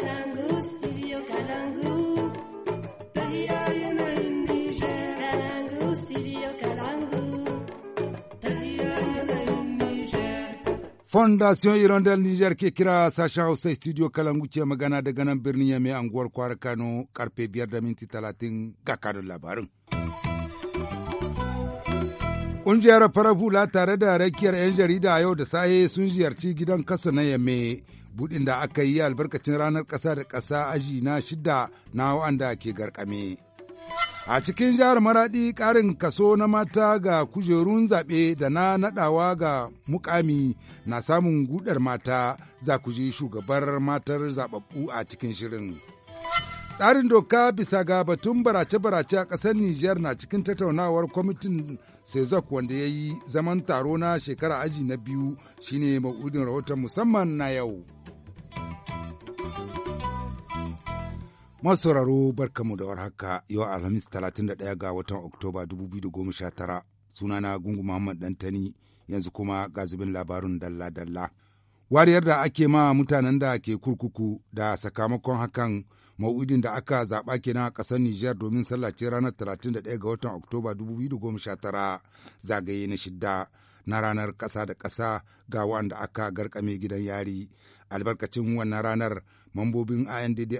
kalangu studio kalangu fondation irondel niger ke kira sashen hausa studio kalangu ce magana daga nan birnin yame anguwar kwara kano karfe biyar da minti talatin ga kanun labarin Ƙungiyar farar hula tare da rakiyar 'yan jarida yau da saye sun ziyarci gidan kasa na Yamme. Buɗin da aka yi albarkacin ranar ƙasa da ƙasa aji na shida na wa'anda ke garkame. A cikin jihar Maraɗi ƙarin kaso na mata ga kujerun zaɓe da na naɗawa ga mukami na samun gudar mata za ku ji shugabar matar zaɓaɓɓu a cikin shirin. Tsarin doka bisa ga batun barace-barace a ƙasar Nijar na cikin tattaunawar kwamitin sezok wanda ya yi zaman taro na shekara aji na biyu shine ma'udin rahoton musamman na yau. Masauraro barkamu da warhaka yau Alhamis 31 ga watan Oktoba 2019 sunana Gungu Muhammad Dantani yanzu kuma ga labarun dalla-dalla. Wariyar da ake ma mutanen da ke kurkuku da sakamakon hakan ma'udin da aka zaɓa kenan a ƙasar Nijar domin sallace ranar 31 ga watan Oktoba 2019 zagaye na shidda na ranar ƙasa da ƙasa ga wanda aka garkame gidan yari. Albarkacin wannan ranar mambobin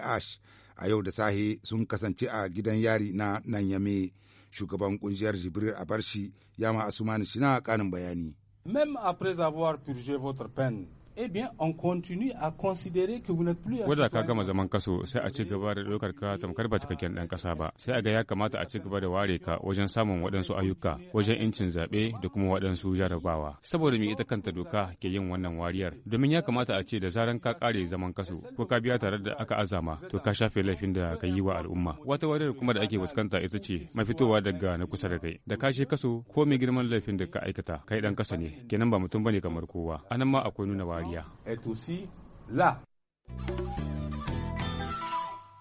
Ash a yau da sahe sun kasance a gidan yari na Nanyame. Shugaban ƙungiyar Jibril Abarshi ya ma Asumani shina ƙarin bayani. Même après avoir purgé votre eh bien on continue à considérer que vous n'êtes plus ka gama zaman kaso sai a ci gaba da ɗaukar ka tamkar ba cikakken ɗan ƙasa ba sai a ga ya kamata a ci gaba da ware ka wajen samun waɗansu ayyuka wajen incin zaɓe da kuma waɗansu jarabawa saboda me ita kanta doka ke yin wannan wariyar domin ya kamata a ce da zaran ka ƙare zaman kaso ko ka biya tare da aka azama to ka shafe laifin da ka yi wa al'umma wata wadar kuma da ake fuskanta ita ce mafitowa daga na kusa da kai da ka kaso ko mai girman laifin da ka aikata kai ɗan kasa ne kenan ba mutum bane kamar kowa anan ma akwai nuna kariya.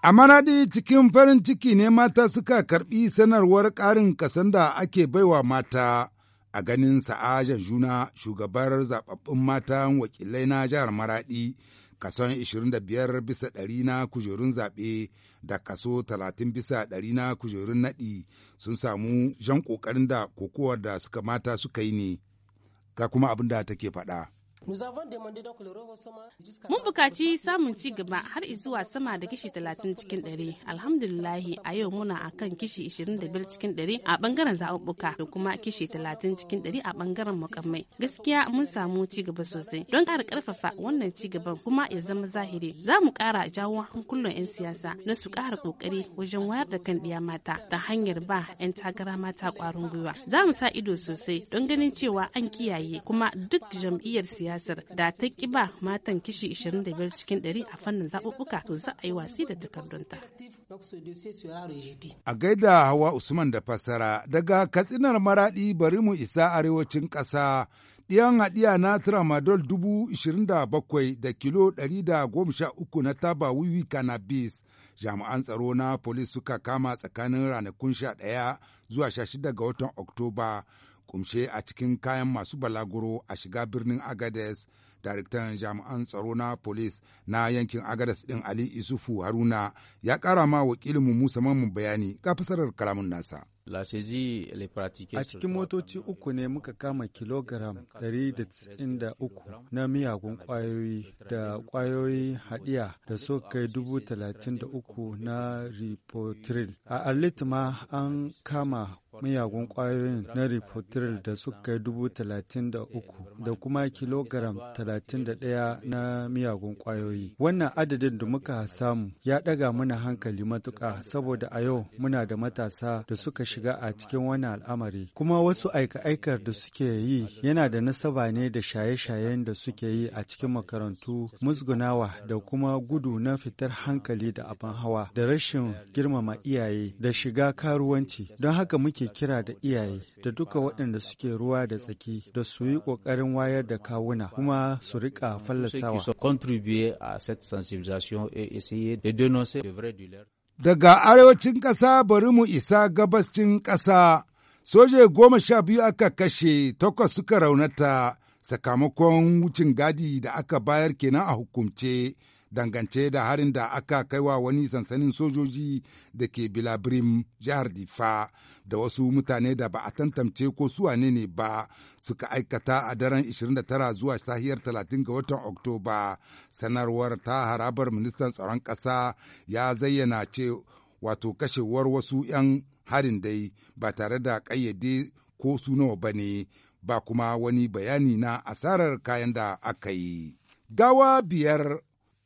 A maraɗi cikin farin ciki ne mata suka karɓi sanarwar ƙarin kasan da ake baiwa mata a ganin sa'aja juna shugabar zaɓaɓɓun mata wakilai na jihar maraɗi kason 25 bisa ɗari na kujerun zaɓe da kaso 30 bisa ɗari na kujerun naɗi sun samu jan ƙoƙarin da kokowar da suka mata suka yi ne ga kuma abin da take faɗa. Mun bukaci samun ci gaba har zuwa sama da kishi 30 cikin 100. Alhamdulillahi a yau muna a kan kishi 25 cikin 100 a bangaren zaɓuɓɓuka da kuma kishi 30 cikin 100 a bangaren mukammai. Gaskiya mun samu ci gaba sosai. Don ƙara ƙarfafa wannan ci gaban kuma ya zama zahiri. Za mu ƙara jawo hankulan 'yan siyasa na su ƙara ƙoƙari wajen wayar da kan ɗiya mata ta hanyar ba 'yan takara mata ƙwarin gwiwa. Za mu sa ido sosai don ganin cewa an kiyaye kuma duk jam'iyyar siyasa yasir da ta ki ba matan kishi 25 cikin 100 a fannin zaɓuɓɓuka to za a yi watsi da takardunta. A gaida Hawa Usman da fassara daga katsinar maraɗi bari mu isa arewacin ƙasa ɗiyan haɗiya na tramadol dubu da kilo 113 na taba wiwi cannabis jami'an tsaro na polis suka kama tsakanin ranakun sha ɗaya zuwa 16 ga watan oktoba kumshe a cikin kayan masu balaguro a shiga birnin agades daraktan jami'an tsaro na polis na yankin agades din ali isufu haruna ya kara ma wakilinmu musa mamu bayani ga fasarar kalamun nasa A cikin motoci uku ne muka kama kilogram 193 na miyagun kwayoyi da kwayoyi hadiya da so kai 33 na ripotril. A Arlit ma an kama miyagun kwayoyin na rifotril da suka dubu talatin da uku da kuma kilogram talatin da ɗaya na miyagun ƙwayoyi. wannan adadin da muka samu ya ɗaga mana hankali matuƙa saboda a yau muna da matasa da suka shiga a cikin wani al'amari kuma wasu aika-aikar da suke yi yana da nasaba ne da shaye-shayen da suke yi a cikin makarantu musgunawa da kuma gudu na fitar hankali da abin hawa da rashin girmama iyaye da shiga karuwanci don haka muke nake kira da iyaye da duka waɗanda suke ruwa da tsaki da su yi ƙoƙarin wayar da kawuna kuma su riƙa fallasawa. Daga arewacin ƙasa bari mu isa gabascin ƙasa, soje goma sha biyu aka kashe takwas suka raunata sakamakon wucin gadi da aka bayar kenan a hukumce. dangance da harin da aka kaiwa wani sansanin sojoji da ke bilabrim jihar difa da wasu mutane da ba a tantance ko su wane ne ba suka aikata a daren 29 zuwa sahiyar 30 ga watan Oktoba. Sanarwar ta harabar ministan tsaron ƙasa ya zayyana ce wato kashewar wasu 'yan harin dai ba tare da ƙayyade ko sunawa nawa ba ne ba kuma wani bayani na asarar kayan da aka yi. Gawa biyar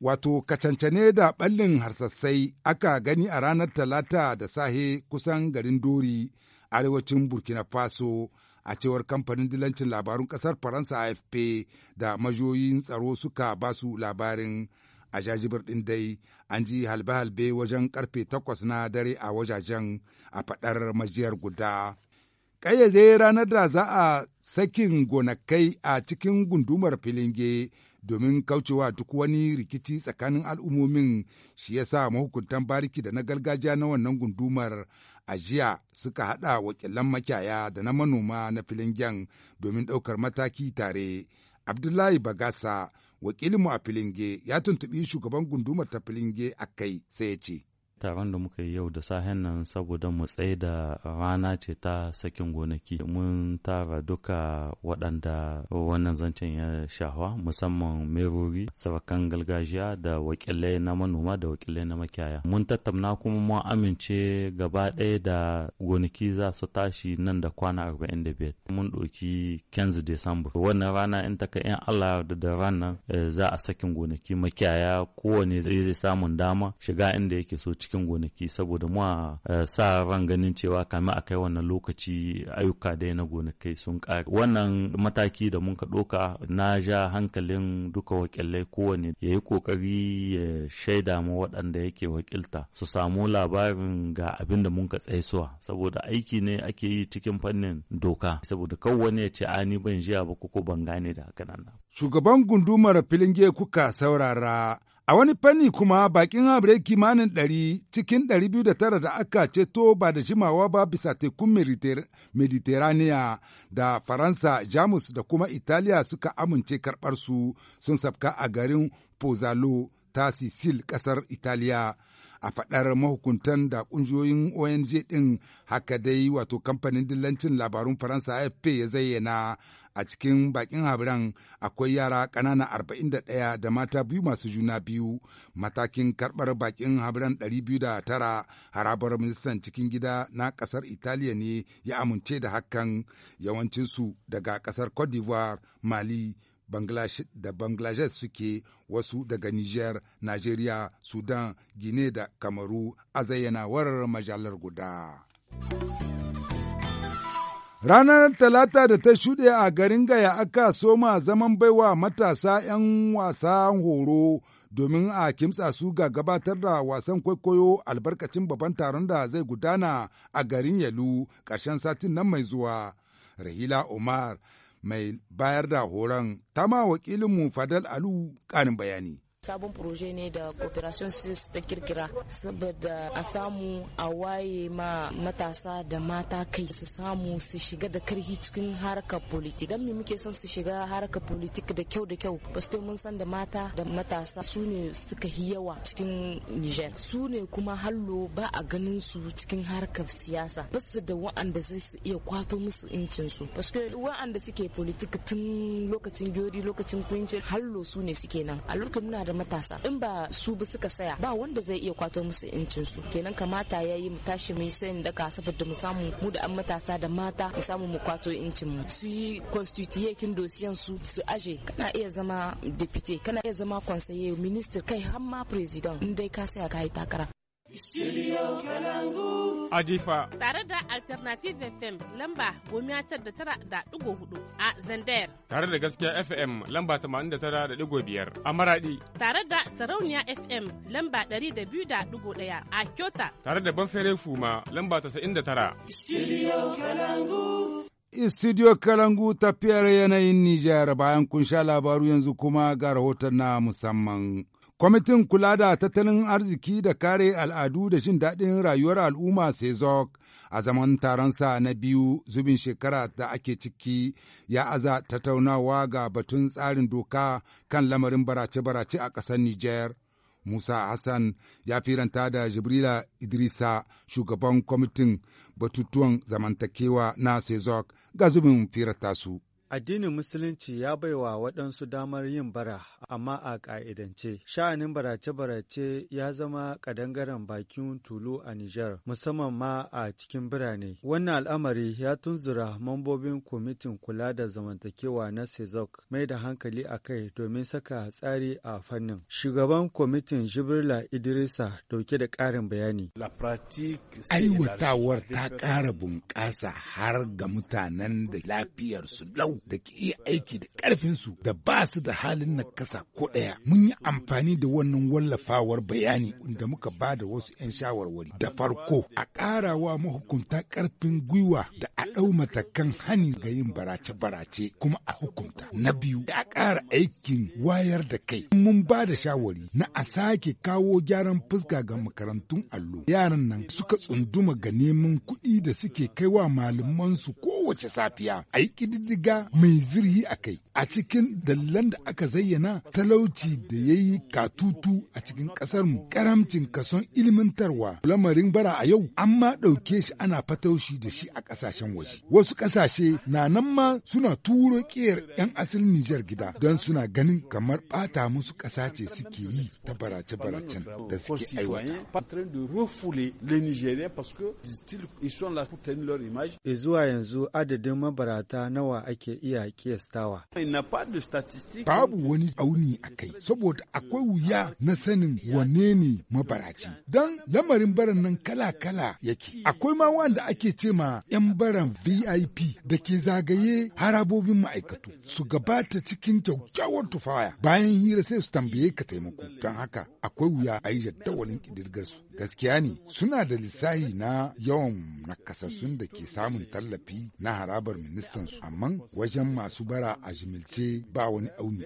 wato kacancane da ɓallin harsassai aka gani a ranar talata da sahe kusan garin dori arewacin burkina faso a cewar kamfanin dilancin labarun ƙasar faransa afp da majoyin tsaro suka ba su labarin a jajibir ɗin dai an ji halbe-halbe wajen karfe takwas na dare a wajajen a faɗar majiyar guda. Ƙayyade ranar da za a sakin gonakai a cikin gundumar filinge domin kaucewa duk wani rikici tsakanin al'ummomin shi ya sa mahukuntan bariki da na gargajiya na wannan gundumar a jiya suka haɗa wakilan makyaya da na manoma na filin gyan domin ɗaukar mataki tare. Abdullahi Bagasa wakilinmu a Filinge ya tuntuɓi shugaban gundumar ta Filinge a kai sai ya ce. taron da muka yi yau da sahen nan saboda mu tsaye da rana ce ta sakin gonaki mun tara duka waɗanda wannan zancen ya shahwa musamman merori sarakan galgajiya, da wakilai na manoma da wakilai na makiyaya mun tattauna kuma mun amince gaba ɗaya da gonaki za su tashi nan da kwana 45 mun ɗauki kenzi december wannan rana in ta kai in allah da ranar eh, za a sakin gonaki makiyaya kowane zai samun dama shiga inda yake so ciki. cikin gonaki saboda mu eh, sa ran ganin cewa kami a kai wannan lokaci ayyuka dai na gonakai sun ƙare wannan mataki da mun ka ɗoka na ja hankalin duka wakilai kowane ya yi ƙoƙari ya shaida mu waɗanda yake wakilta su samu labarin ga abin da mun ka tsaisuwa saboda aiki ne ake yi cikin fannin doka saboda kawai wani ya ce ani ni ban jiya ba ko ban gane da haka nan shugaban gundumar filin kuka saurara A wani fanni kuma bakin habire kimanin ɗari cikin ɗari biyu da tara da aka ceto ba da jimawa ba bisa tekun mediteraniya da Faransa, Jamus da kuma Italiya suka amince karɓar su sun sabka a garin Pozzallo ta Sicil ƙasar Italiya. A faɗar mahukuntan da ƙungiyoyin ONG ɗin haka dai wato kamfanin dillancin labarun Faransa AFP ya zayyana a cikin bakin habiran akwai yara kanana 41 da mata biyu masu juna biyu matakin karbar bakin habiran 209 harabar ministan cikin gida na kasar italiya ne ya amince da hakan yawancinsu daga kasar cote d'ivoire mali da bangladesh suke wasu daga niger nigeria sudan guinea da kamaru a zayyanawar majalar guda. Ranar Talata da ta shuɗe a garin Gaya aka soma zaman baiwa matasa 'yan wasa horo domin a kimtsa su ga gabatar da wasan kwaikwayo albarkacin babban taron da zai gudana a garin Yalu ƙarshen satin nan mai zuwa. Rahila Omar mai bayar da horon, ta ma wakilinmu Fadal Alu ƙarin bayani. sabon proje ne da cooperation sis ta kirkira saboda a samu a waye ma matasa da mata kai su samu su shiga da karhi cikin harkar politik don me muke son su shiga harkar politik da kyau da kyau paske mun san da mata da matasa su ne suka yi yawa cikin Niger su ne kuma hallo ba a ganin su cikin harkar siyasa ba da wa'anda zai su iya kwato musu incin su paske wa'anda suke politik tun lokacin gyori lokacin kunce hallo su ne suke nan a lokacin muna da ga matasa in ba su ba suka saya ba wanda zai iya kwato musu incin su kenan kamata ya yi tashi mai yi sayin daka saboda mu samu mu da an matasa da mata mu samu mu kwato incin mu su yi constituyekin dosiyan su su aje kana iya zama deputy kana iya zama conseiller minister kai har ma president in dai ka saya ka yi takara Studio Kalangu. Adifa. Tare da Alternative FM lamba gomiya tar da tara da ɗigo hudu a zander. Tare da gaskiya FM lamba tamanin da tara da ɗigo biyar a Maradi. Tare da Sarauniya FM lamba ɗari da biyu da ɗigo ɗaya a Kyota. Tare da Banfere Fuma lamba tasa'in da tara. Studio Kalangu. Studio Kalangu ta fiyar yanayin Nijar bayan kun sha labaru yanzu kuma ga rahoton na musamman. Kwamitin kula da tattalin arziki da kare al'adu da jin daɗin rayuwar al'umma Sezok a zaman taronsa na biyu zubin shekara da ake ciki ya aza tattaunawa ga batun tsarin doka kan lamarin barace-barace a ƙasar Nijar. Musa Hassan ya firanta da Jibrila Idrisa shugaban kwamitin batutuwan zamantakewa na Sezok ga zubin firata su. Addinin Musulunci ya baiwa waɗansu damar yin bara, amma a ƙa'idance. Sha'anin barace-barace ya zama ƙadangaren bakin tulu a Nijar, musamman ma a cikin birane. Wannan al'amari ya tunzura mambobin kwamitin kula da zamantakewa na Sezok mai da hankali a kai domin saka tsari a fannin. Shugaban kwamitin Jibrila Idrisa dauke da ƙarin bayani. Aiwatawar ta ƙara bunƙasa har ga mutanen da lafiyarsu lau da ke iya aiki da ƙarfinsu da ba su da halin na kasa ko ɗaya. Mun yi amfani da wannan wallafawar bayani da muka ba da wasu 'yan shawarwari. Da farko, a ƙarawa mahukunta ƙarfin gwiwa da a ɗau matakan hani ga yin barace-barace kuma a hukunta. Na biyu, da a ƙara aikin wayar da kai. Mun ba da shawari na a sake kawo gyaran fuska ga makarantun allo. Yaran nan suka tsunduma ga neman kuɗi da suke kaiwa malamansu kowace safiya. A yi ƙididdiga mai zirhi a kai a cikin dallan da aka zayyana talauci da ya yi katutu a cikin mu. karamcin kason ilmantarwa lamarin bara a yau an ma ɗauke shi ana fataushi da shi a ƙasashen waje wasu ƙasashe na nan ma suna turo ƙiyar 'yan asalin Nijar gida don suna ganin kamar ɓata musu ƙasa ce suke yi ta barace-baracen da suke aiwata. Zuwa yanzu adadin mabarata nawa ake iya kiyastawa. Babu wani auni a kai, saboda akwai wuya na sanin wane ne mabaraci. Don lamarin baran nan kala-kala yake. Akwai ma wanda ake ce ma 'yan baran VIP da ke zagaye harabobin ma'aikatu su gabata cikin kyakkyawar tufaya bayan hira sai su tambaye ka taimako. Don haka akwai wuya a yi jaddawalin su. Gaskiya ne suna da lissahi na yawan nakasassun da ke samun tallafi na harabar ministansu amma wajen masu bara a jimilce ba wani auni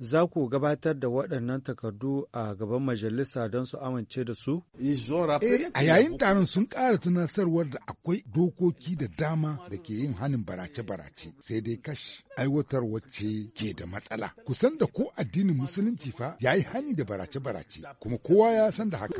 za ku gabatar da waɗannan takardu a gaban majalisa don su amince da su? Eh, a yayin taron sun ƙara tunasarwar da akwai dokoki da dama da ke yin hannun barace-barace sai dai kash aiwatar wacce ke da matsala. Kusan da ko addinin musulunci fa ya yi hani da barace-barace kuma kowa ya san da haka.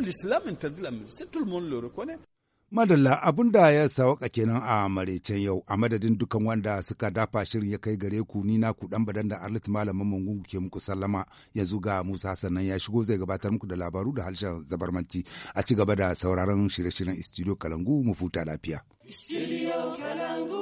Madalla abun da ya sawaka kenan a maraicen yau a madadin dukan wanda suka dafa shirin ya kai gare ku ni na ku dan badan da Arlit malamin Mungu ke muku sallama yanzu ga Musa sannan ya shigo zai gabatar muku da labaru da harshen zabarmanci a ci gaba da sauraron shirye-shiryen Studio Kalangu mu futa lafiya. Studio Kalangu